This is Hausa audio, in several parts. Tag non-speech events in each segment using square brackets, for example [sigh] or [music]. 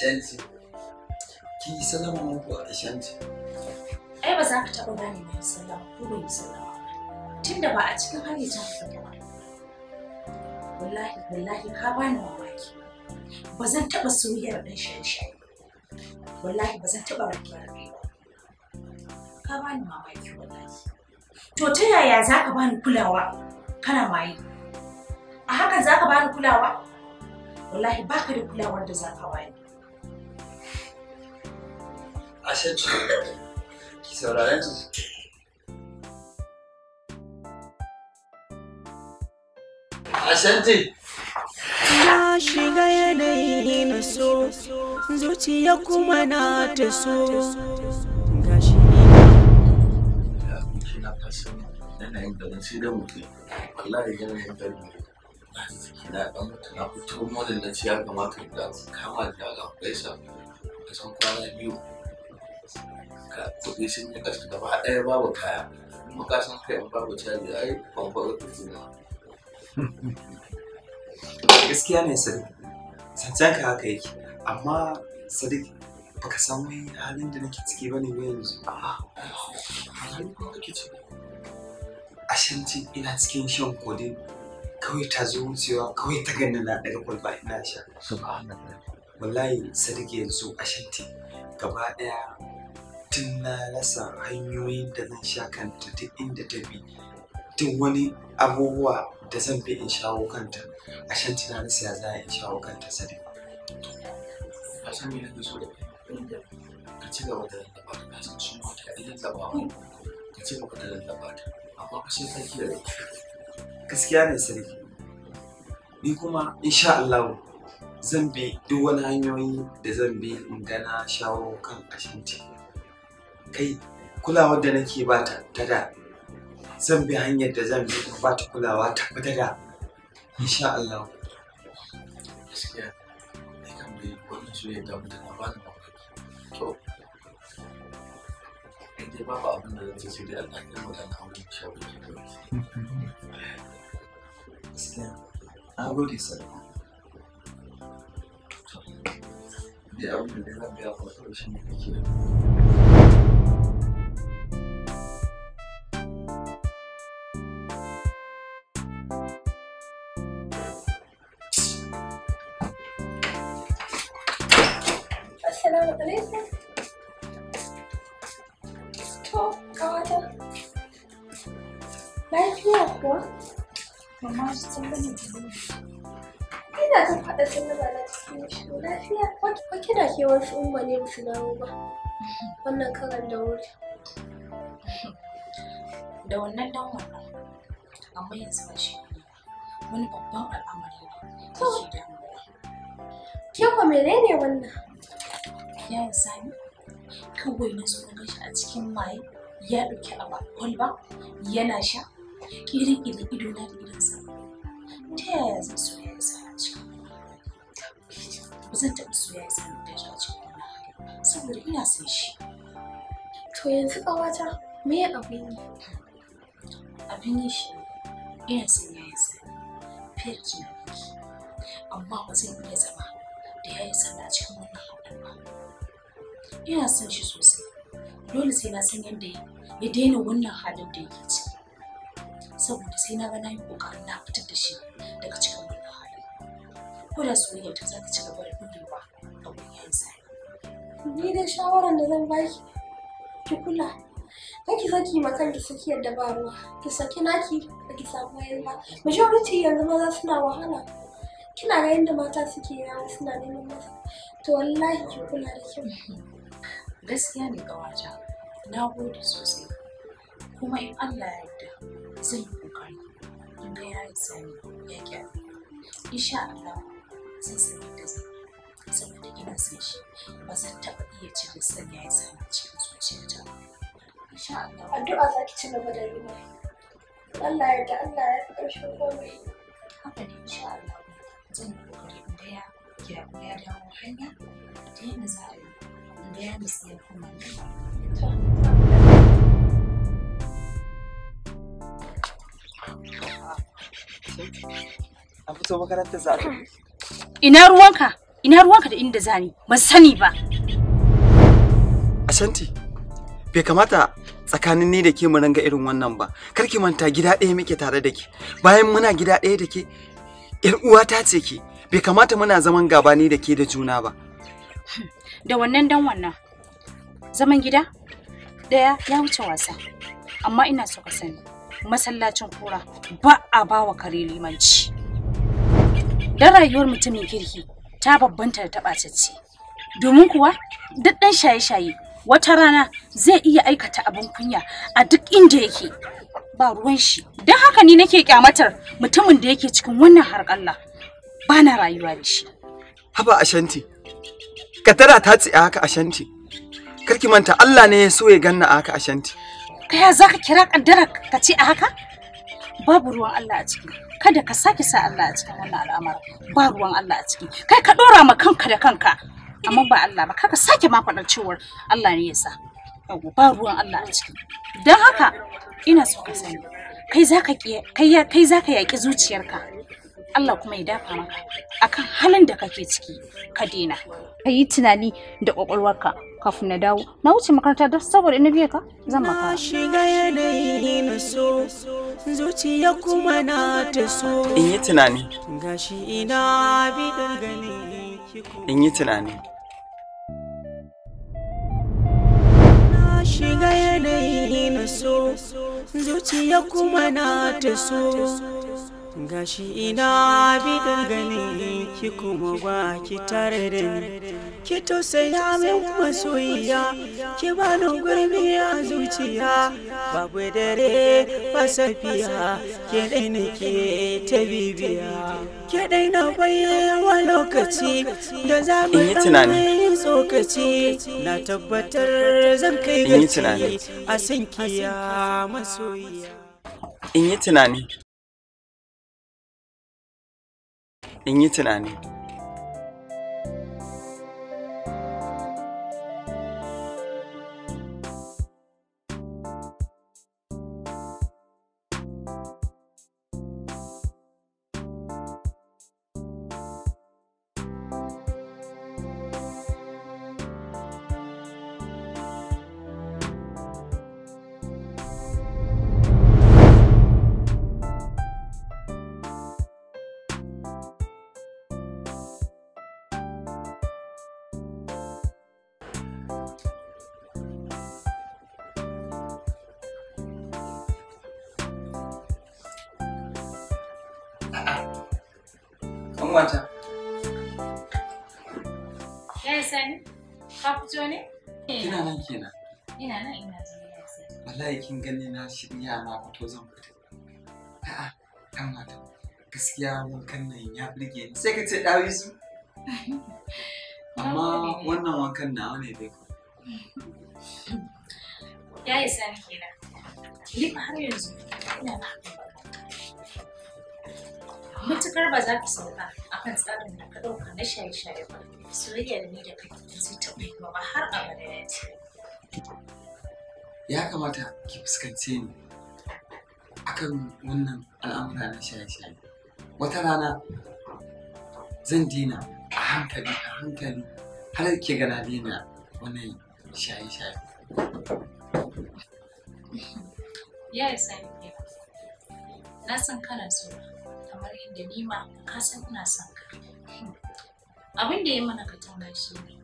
shanti ki yi salama muku a shanti ai ba za ka taɓa gane mai sallama ko bai sallama tunda ba a cikin hali ta fita ba wallahi wallahi ka ba ni mamaki ba zan taɓa soyayyar ɗan shan-shan. wallahi ba zan taɓa rabuwa ba Ka ba ni mamaki wallahi to ta yaya za ka ba ni kulawa kana maye a hakan za ka ba ni kulawa wallahi baka da kulawar da za ka bani a shan ki sauraren su Ashanti. Na shiga yanayi na so, zuciya kuma na ta so. Gashi ne. Na fasa yanayin garin sai da mutum. Wallahi yanayin garin na ɗan mutu na fito modin na ciya kamata da kama da ga gaisa. Kasan kwana biyu ka kuɗi sun yi ƙasa gaba ɗaya babu kaya kuma ka san kai babu caji ai kwamfar da suna gaskiya ne sadiq sansan ka haka yake amma sadiq baka san wani halin da nake ciki ba ne yanzu a shanci ina cikin shan kodin kawai ta zo wucewa kawai ta ganna na daga kwalba ina sha wallahi sadiq yanzu a shanti gaba ɗaya tun na rasa hanyoyin da zan sha kanta duk inda ta bi duk wani abubuwa da zan bi in shawo kanta a shan na rasa ya za a in shawo kanta sani a san me nake so da ka ci gaba da lallaba ta kasan shi ma ta yi lallaba ka ci gaba da lallaba ta amma ka sai sarki da gaskiya ne sarki ni kuma insha Allah zan bi duk wani hanyoyi da zan bi in gana shawo kan ashanti kai kulawar da nake ba ta tada da zan bi hanyar da zan bi ba ta kulawa ta ta da insha Allah gaskiya ai kan bai wannan shi da mutum na bani mamaki to in ba babu abin da zan sai dai Allah ya magana a wurin shawarar gaskiya na gode sarki da abin da zan biya kuma shi ne kake da fortaleza. Tocada. Lafiya kuwa? Mama su sun gani da Ina zan faɗa sun na cikin shi lafiya. Wa kina kewar su umma Wannan karan da wuri. Da wannan dan wannan. Amma yanzu ba shi wani babban al'amari ne. Ke kwa menene wannan? yayin sani kawai na zo na gashi a cikin maye ya ɗauki a kwalba yana sha ƙiri-ƙiri ido na da idansa ta yaya zan so yayin sani a cikin ba zan taɓa so ya sani da shi a cikin wani saboda ina son shi to yanzu ƙawata me abin yi abin yi shi ina son yayin sani fiye da tunaniki amma ba zan iya zama da ya yayin sani a cikin wannan haɗin ba ina son shi sosai dole sai na san yadda ya daina wannan halin da yake ciki saboda sai na ga na yi kokarin na fitar da shi daga cikin wannan halin ko da soyayya ta zaka ci gaba da durewa a wuyan sa ni da shawaran da zan baki ki kula kake saki ma kanki saki yadda ba ruwa ki saki naki da ki samu yayi ba majority yanzu maza suna wahala kina ga yadda mata suke yawo suna neman masa to wallahi ki kula da kyau gaskiya ne wata na gode sosai kuma in allah ya yarda zan yi kokari in ga yayin sani ya gyara insha allah zan sani da zai saboda ina son shi ba zan taɓa iya cire san yayin sani cikin zuciyata insha allah addu'a za ki ci gaba da yi Allah ya yarda Allah ya fi ƙarshen komai haka ne insha allah zan yi kokari in ga ya dawo hanya ta yadda za a yi biya sai kuma fito makaranta za ina ruwanka ina ruwanka da inda zani ban sani ba ashanti bai kamata tsakanin ni da ke mu ranga irin wannan ba kar ki manta gida ɗaya muke tare da ke bayan muna gida ɗaya da ke yar uwata ce ke bai kamata muna zaman gaba ni da ke da juna ba da wannan dan wannan zaman gida ɗaya ya wuce wasa amma ina so ka sani masallacin kura ba a ba wa kare limanci dan rayuwar mutumin kirki ta babbanta da taɓacacce domin kuwa duk ɗan shaye-shaye wata rana zai iya aikata abin kunya a duk inda yake ba ruwan shi don haka ni nake kyamatar mutumin da yake cikin wannan harƙalla ba na rayuwa da shi haba ashanti ka tara ta tsi haka ashanti karki manta Allah ne ya so ya ganna a haka ashanti za ka kira kaddara ka ce a haka babu ruwan Allah a ciki kada ka sake sa Allah a cikin wannan al'amari ba ruwan Allah a ciki kai ka dora ma kanka da kanka amma ba Allah ba kaka sake ma faɗar cewar Allah ne ya sa ba ruwan Allah a ciki don haka ina so ka sani kai ka kai ka yaƙi zuciyarka Allah kuma ya dafa maka akan halin da kake ciki ka daina ka yi tunani da kwakwalwarka kafin na dawo na wuce makaranta don saboda ina biye ka zan maka shiga yanayi na so zuciya kuma na ta so in yi tunani gashi ina bi dangane in yi tunani shiga yanayi na so zuciya kuma na ta so gashi ina da gani ki kuma ba ki tare da ni ki tausaya min masoyiya ki bani gurbi a zuciya babu dare ba safiya ke dai nake ta bibiya ke dai na wa lokaci da za mu yi tsokaci na tabbatar zan kai gaci a masoyiya in yi tunani in yi tunani uwata. Ya sani? Ka fito ne? Ina nan kenan. Ina nan ina zuwa ya Wallahi kin gani na shirya na fito zan fito. A'a, kan mata. Gaskiya wankan nan ya burge ni. Sai ka ce dawi su. Amma wannan wankan nawa ne dai ko. Ya sani kenan. Ni har yanzu ina ba. Matukar ba za ka sauka akan tsarin da ka ɗauka na shaye-shaye ba soyayya da ni da kai zai taɓa yi ba har abada ya ce ya kamata ki fuskance ni akan wannan al'amura na shaye-shaye wata rana zan dina a hankali a hankali har ke gana dina wannan shaye-shaye ya yi isa na san kana so kamar yadda ni ma ka san ina son ka abin da ya mana katanga shi ne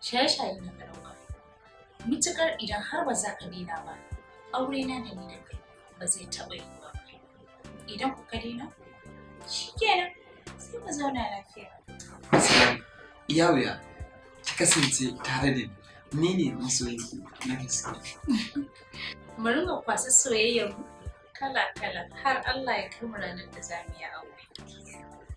shaye-shaye na ka ɗauka mutukar idan har ba za ka daina ba aure na da ni da kai ba zai taɓa yi ba idan kuka daina shi kenan sai mu zauna lafiya yawuya ta kasance tare da ni ni ne masoyinki na gaske [laughs] mu ringa kwasa soyayyar mu kala-kala har Allah ya kama ranar da za mu yi aure.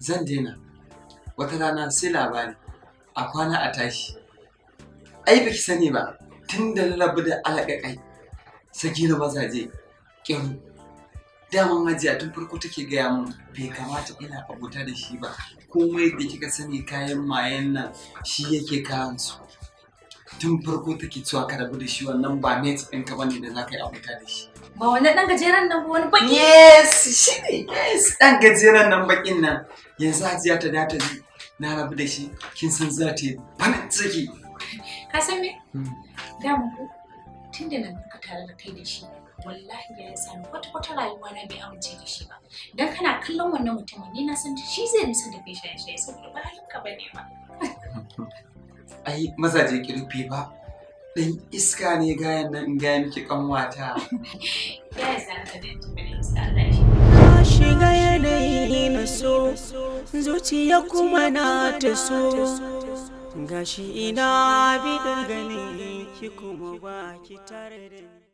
Zan daina. Wata rana sai labari. A kwana a tashi. Ai baki sani ba. Tun da lalabu da alaƙaƙai. Saki na mazaje. ƙyaru. Daman majiya tun farko take gaya mun bai kamata ina abuta da shi ba. Komai da kika sani kayan mayan nan shi yake kayan su. Tun farko take cewa ka rabu da shi wannan ba net ɗinka bane da za ka yi abuta da shi. Ba wannan ɗan gajeren nan ba wani baki. Yes, shi ne, yes. Ɗan gajeren nan baƙin nan. Yanzu Hajiya ta da ta ji na rabu da shi kin san za ta yi bana ciki. Ka san me? Hmm. Da mu tun da na muka tare da kai da shi wallahi ya sami kwata-kwata rayuwa na bai amince da shi ba. Dan kana kallon wannan mutumin ni na san shi zai nisa da kai shaye-shaye saboda ba halinka ba ne [laughs] ba. Ai mazaje kirfi ba. ɗan iska ne gayan nan in gaya miki kanwata. [laughs] Ya ka Shiga yanayi na so, zuciya kuma na ta so. Gashi ina bi gani? ki kuma ba ki tare da